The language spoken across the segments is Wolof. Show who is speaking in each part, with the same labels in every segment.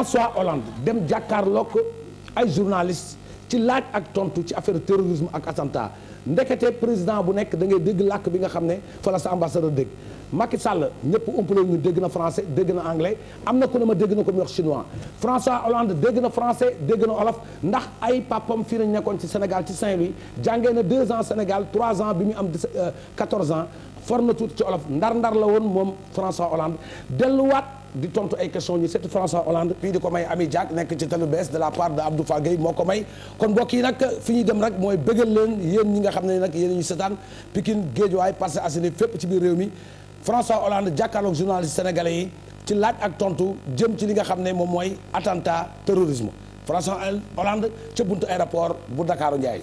Speaker 1: François Hollande dem jàkkaarloog ay journaliste ci laaj ak tontu ci affaire terrorisme ak attentat ndekete président bu nekk da ngay dégg làkk bi nga xam ne fa la sa ambassadeur dégg Macky Sall ñëpp umpale ñu dégg na français dégg na anglais am na ku ne ma dégg na ko mu wax chinois François Hollande dégg na français dégg na olof ndax ay papam fi nañ nekkoon ci Sénégal ci Saint-Louis jàngee na 2 ans Sénégal trois ans bi mu am 14 euh, ans for na tuuti ci olof ndar-ndar la woon moom François Hollande di tontu ay question ñu seeti François Hollande puis di ko may Ami Diack nekk ci telu bees de la part de Abdou Fagué moo ko may kon mbokk yi fi ñuy dem rek mooy bëggal leen yéen ñi nga xam ne nag yéen ñu setaan Pikine Géejuwaay Parcelles Assainies fépp ci biir réew mi François Hollande jàkkaarloog journaliste sénégalais yi ci laaj ak tontu jëm ci li nga xam ne moom mooy attentat terrorisme François Hollande ca buntu aéroport bu Dakar Ndiaye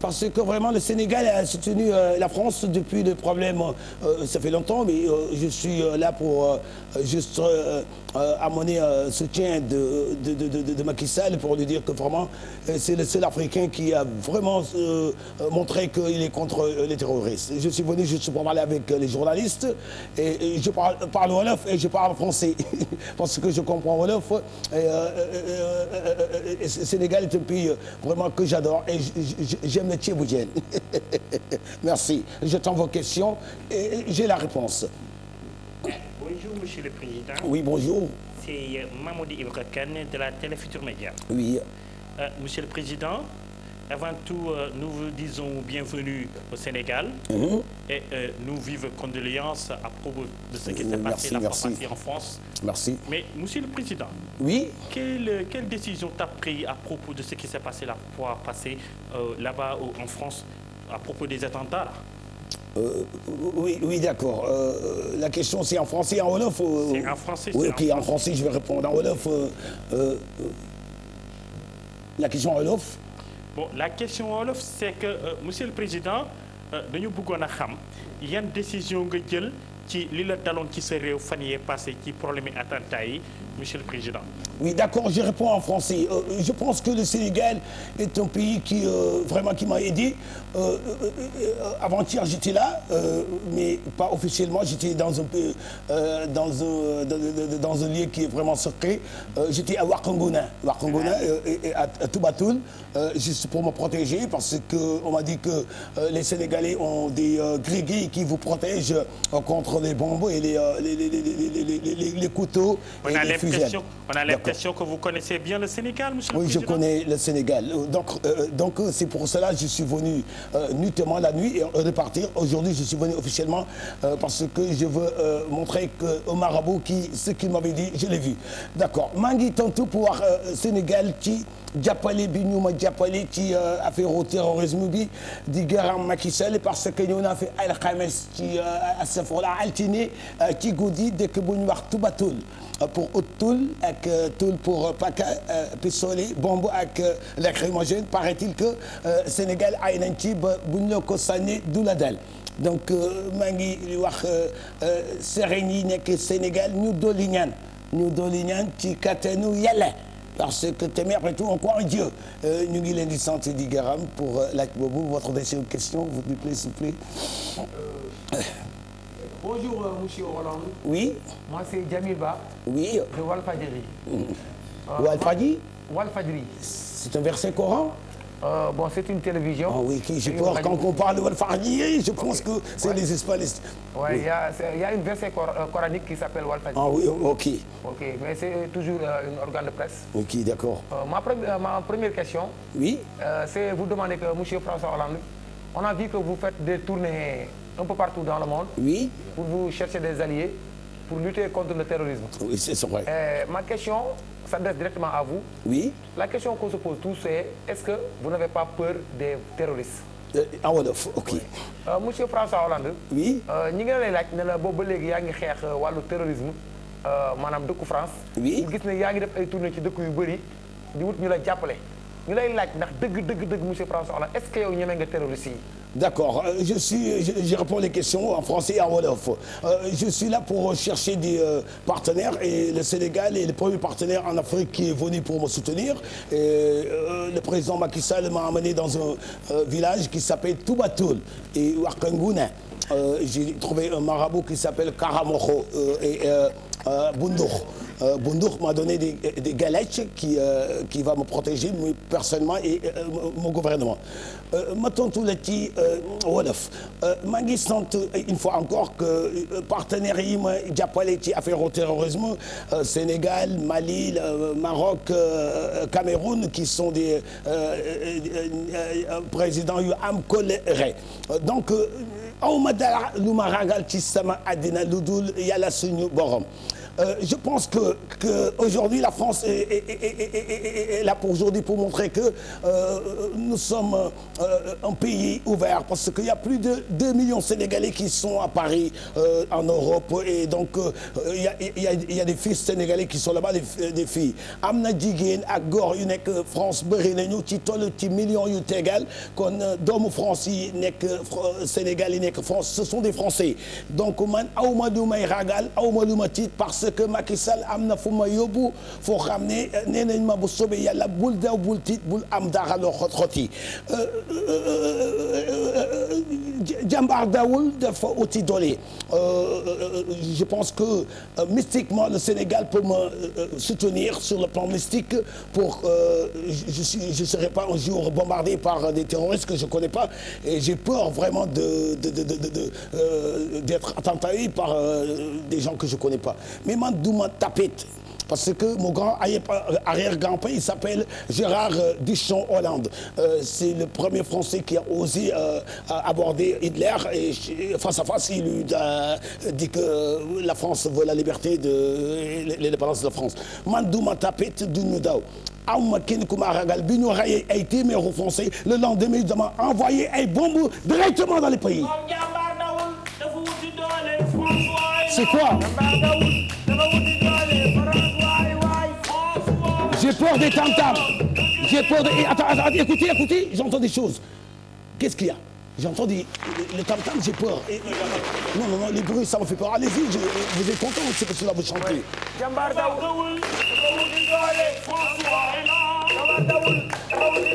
Speaker 1: parce que vraiment le Sénégal a soutenu euh, la France depuis le problème euh, euh ça fait longtemps mais euh, je suis euh, là pour euh, juste amener soutien de de de de de Macky Sall pour lui dire que vraiment c'est le seul Africain qui a vraiment montré qu'il est contre les terroristes. Je suis venu juste pour parler avec les journalistes et, et je parle parle wolof et je parle français parce que je comprends wolof et, et Sénégal est un pays vraiment que j'adore et j, j, dem na ceebu jeen merci je tends vos questions et j'ai la réponse.
Speaker 2: bonjour monsieur le président.
Speaker 1: de la Télé Futur oui. Euh, monsieur le président. Avant tout, euh, nous vous disons bienvenue au Sénégal mmh. et euh, nous vivons condoléances mhm, à propos de ce qui s'est passé la fois euh, en France. Mais, Monsieur le Président, oui? quelle, quelle décision t'as prise à propos de ce qui s'est passé là-bas en des attentats là? Euh, la question c'est en français en wolof. oui, en français je vais répondre en wolof la question en wolof. bo la question wolof c'est que euh, monsieur le président euh, dañu bëggoon a xam yan décision nga jël ci lii la daloon ci sa réew fan yee passé ci problème yi
Speaker 2: attentat yi Monsieur le Président.
Speaker 1: Oui, d'accord, je réponds en français. Euh, je pense que le Sénégal est un pays qui euh, vraiment qui m'a aidé. Euh, euh, euh avant-hier, j'étais là, euh, mais pas officiellement, j'étais dans un dans un dans, dans un lieu qui est vraiment secret. J'étais à Wakangona, Wakangona et, et à, à Toubatoul, juste pour me protéger parce que on m'a dit que les Sénégalais ont des grégués qui vous protègent contre les bombes et les les les les les, les, les couteaux. On et a les question, on a l'impression que vous connaissez bien le Sénégal, monsieur oui, le Président. Oui, je connais le Sénégal. Euh, donc, euh, euh donc euh, c'est pour cela que je suis venu euh, nuitamment la nuit et repartir. Aujourd'hui, je suis venu officiellement euh, parce que je veux montrer que au marabout qui ce qu'il m'avait dit, je l'ai vu. D'accord. maa ngi tontu pour wax Sénégal ci jàppale bi ñu ma jàppale ci affaire au terrorisme bi di gërëm Macky Sall parce que ñëw naa fi alxames ci asafola altine ci guddi dëkk bu ñu wax Toubatoul pour toul ak euh, toul pour euh, paka euh, pistolet bombe ak lacrymogène paraît-il que Sénégal ay nañ ci ba buñ la ko sànni du la dal donc maa ngi wax sëriñ yi nekk Sénégal ñu dolli ñaan ñu dolli ñaan ci kattanu Yàlla parce que tamit après tout en croit en Dieu ñu ngi leen di sant di gërëm pour laaj boobu votre deuxième question vous plaît s'il vous
Speaker 3: Bonjour, euh, monsieur Hollande. Oui. Moi, c'est Jamil Ba. Oui. De Walfadjri. Mm. Euh, Walfadjri Walfadjri. C'est un verset coran
Speaker 1: euh, bon, c'est une télévision. Ah oui, qui, quand on parle de Walfadjri, je pense que c'est les Espagnols. il y, a, une
Speaker 3: verset cor euh, coranique qui s'appelle Walfadjri. Ah oh, ok. mais c'est toujours euh, organe de presse.
Speaker 1: Ok, d'accord.
Speaker 3: Euh, ma, première question. Oui. c'est vous demander que monsieur Hollande, on a vu que vous faites des tournées un peu partout dans le monde. Oui. Pour vous chercher des alliés pour lutter contre le terrorisme.
Speaker 1: Oui, c'est vrai.
Speaker 3: Euh, ma question s'adresse directement à vous. Oui. La question qu'on se pose tous c'est est-ce que vous n'avez pas peur des terroristes? Euh,
Speaker 1: en wolof ok.
Speaker 3: Euh, monsieur François Hollande. oui euh, ñi ngi lay laaj ne la boobu ba léegi yaa ngi xeex wàllu terrorisme maanaam dëkku France. oui gis ne yaa ngi def ay tournée ci dëkk yu bëri di wut ñu la jàppale. ñu lay laaj
Speaker 1: ndax dëgg dëgg dëgg monsieur François Hollande est nga terroriste yi. D'accord, euh, je suis je, je réponds les questions en français et en wolof. Euh, je suis là pour chercher des euh, partenaires et le Sénégal est le premier partenaire en Afrique qui est venu pour me soutenir et euh, le président Macky Sall m'a amené dans un euh, village qui s'appelle Toubatoul et Wakanguna. J'ai trouvé un marabout qui s'appelle Karamoko et Bundukh. Euh, Boundour m'a donné des, des galettes qui, euh, qui va me protéger moi personnellement et euh, mon gouvernement euh, ma tontu la ci euh, wolof euh, maa ngi sant une fois encore que partenaires yi ma jàppale ci affaire au terrorisme Sénégal Mali Maroc Cameroun qui sont des présidents yu am colère donc awma dara lu ma ragal ci sama àddina lu dul yàlla suñu borom Euh, je pense que que aujourd'hui la France
Speaker 2: est, là
Speaker 1: pour aujourd'hui pour montrer que euh, euh, nous sommes euh, un pays ouvert parce qu'il y a plus de 2 millions de qui sont à Paris euh, en Europe et donc euh, il y a il y a il y des fils sénégalais qui sont là-bas des, filles am na jigéen ak góor yu nekk France bëri nañu ci toll ci millions yu tegal kon doomu France yi nekk Sénégal yi nekk France ce sont des Français donc man awma lu may ragal awma parce que Macky Sall am na fu ma yóbbu foo xam ne euh, nee nañ ma bu soobee yàlla bul daw bul tiit bul am dara loo xot xot yi euh, euh, jàmbaar daawul dafa uti doole je pense que mystiquement le Sénégal peut me soutenir sur le plan mystique pour je suis je serai pas un jour bombardé par des terroristes que je connais pas et j'ai peur vraiment de de de de d'être attentat par des gens que je connais pas mais mais man duma tapette parce que mon grand arrière-grand-père il s'appelle Gérard euh, Duchon Hollande euh, c'est le premier Français qui a osé euh, aborder Hitler et face à face il lui a dit que euh, la France veut la liberté de euh, l'indépendance de la France man duma tapette duñu daw amma kenn ku ma ragal bi ñu rayee ay téeméeru Français le lendemain dama envoyé ay bombes directement dans les pays
Speaker 2: c'est quoi J'ai peur des tam-tams.
Speaker 1: écoutez, écoutez, j'entends des Qu'est-ce qu'il y a? J'entends des le tam-tam, j'ai peur. non les bruits ça me fait peur. Allez-y, je, vous êtes contents cela vous chantez.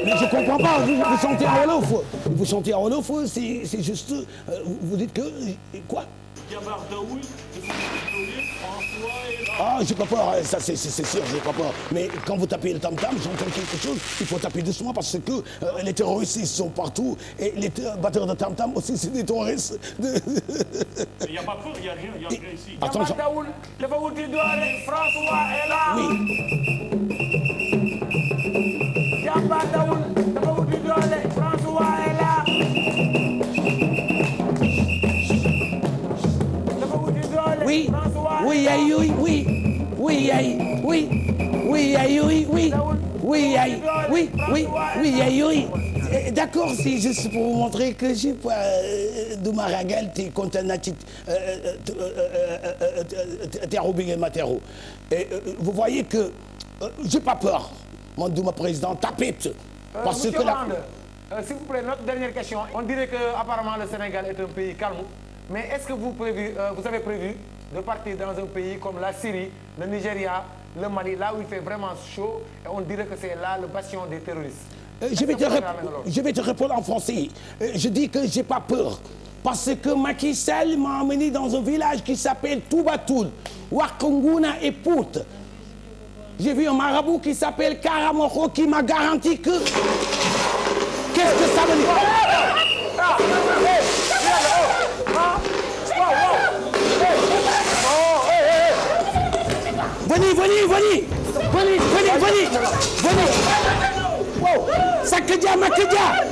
Speaker 2: Mais je comprends pas, vous, vous chantez en wolof.
Speaker 1: Vous chantez en wolof, c'est juste euh, vous dites que quoi? Ah, je comprends, ça c'est sûr, je comprends. Mais quand vous tapez le tam-tam, j'entends quelque chose, il faut taper doucement parce que euh, les terroristes, ils sont partout. Et les batteurs de tam-tam aussi, c'est des terroristes. Il
Speaker 2: François est Oui. oui yaay oui oui yaay oui oui oui yaay oui oui oui
Speaker 1: yaay oui d'accord c'est juste pour vous montrer que j'ai pas du ma ragal te kontaan naa ci teeru bi ngeen ma teeru et vous voyez que j'ai pas peur man du ma président tapette parce que la
Speaker 3: Euh, s'il vous plaît notre dernière question on dirait que apparemment le Sénégal est un pays calme mais est-ce que vous prévu euh, vous avez prévu de partir dans un pays comme la Syrie, le Nigeria, le Mali, là où il fait vraiment chaud, et on dirait que c'est là le bastion des terroristes. Euh,
Speaker 1: je, vais te je vais te répondre en français. Euh, je dis que j'ai pas peur. parce que Macky Sall m'a emmené dans un village qui s'appelle Toubatoul, Wakunguna et Pout. J'ai vu un marabout qui s'appelle Karamoko qui m'a garanti que.
Speaker 2: Qu'est-ce que ça veut dire? venez, venez, venez. Venez, venez, venez. Venez. Wow. Sakadia, Makadia.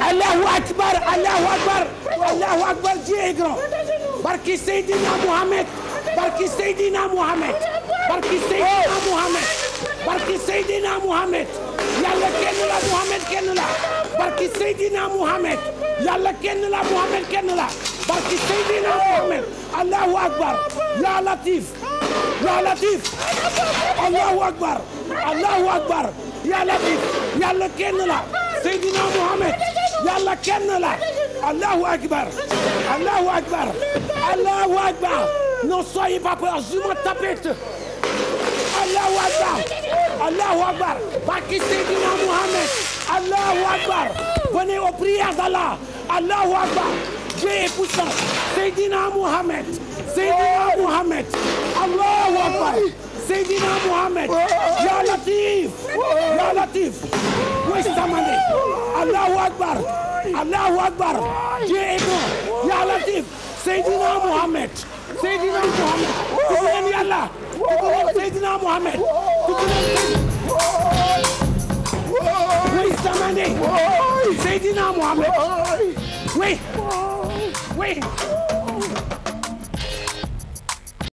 Speaker 2: Allahu Akbar, Allahu Akbar. Allahu Akbar, Dieu est grand. Barki Seydina Mohamed. Barki Seydina Mohamed. Barki Seydina Mohamed. Barki Seydina Mohamed. Yàlla kenn la Mohamed kenn la. Barki Seydina Mohamed. Yàlla kenn la Mohamed kenn la. Barki Seydina Mohamed. Allahu Akbar. Ya Latif. yaa latif allahu akbar allahu akbar yaa latif yàlla kenn la Seydina Mohamed yàlla kenn la allahu akbar allahu akbar allahu akbar non soyez pas peur je me tapette allahu akbar allahu akbar barke Seydina Mohamed allahu akbar venez aux prières d'Allah allahu akbar Dieu est puissant Seydina Mohamed Seydina Mohamed allahu akbar Seydina Mohamed ya latif ya latif way samane allahu akbar allahu akbar Dieu est bon ya latif Seydina Mohamed Seydina Mohamed tudd leen yàlla tudd leen Seydina Mohamed tudd leen way samane Seydina Mohamed way way